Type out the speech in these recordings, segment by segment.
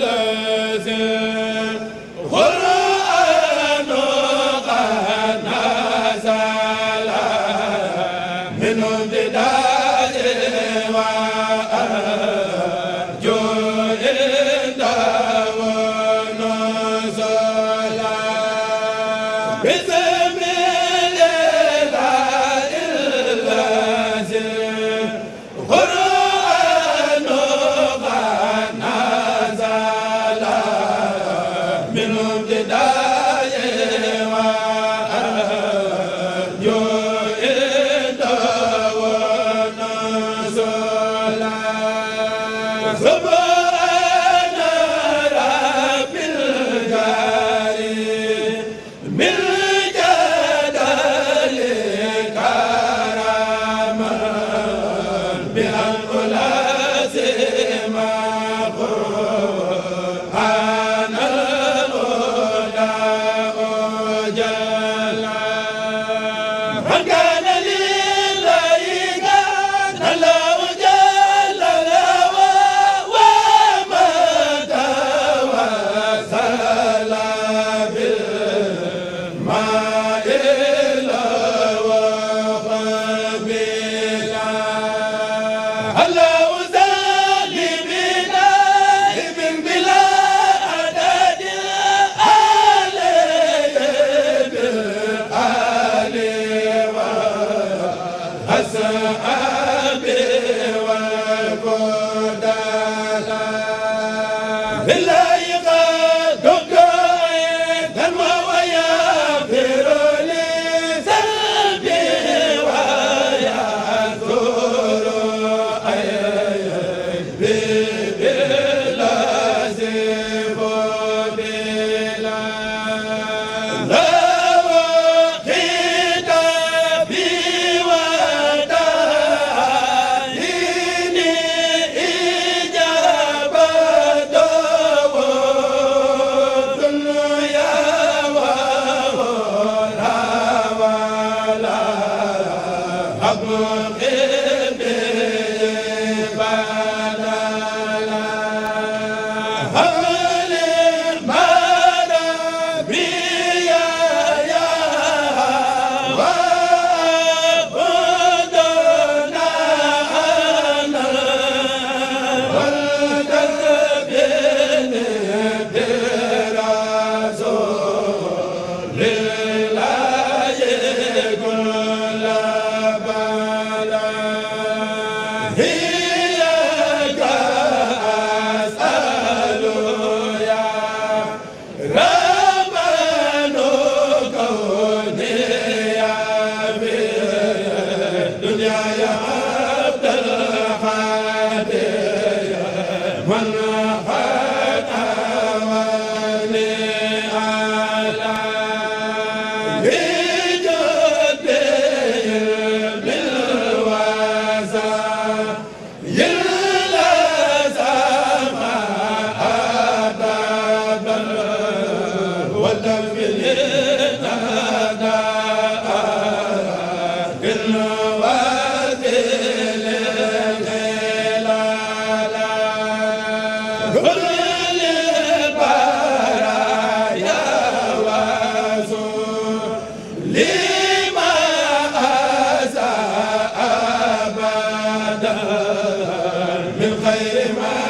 la Hey من خير ما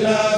la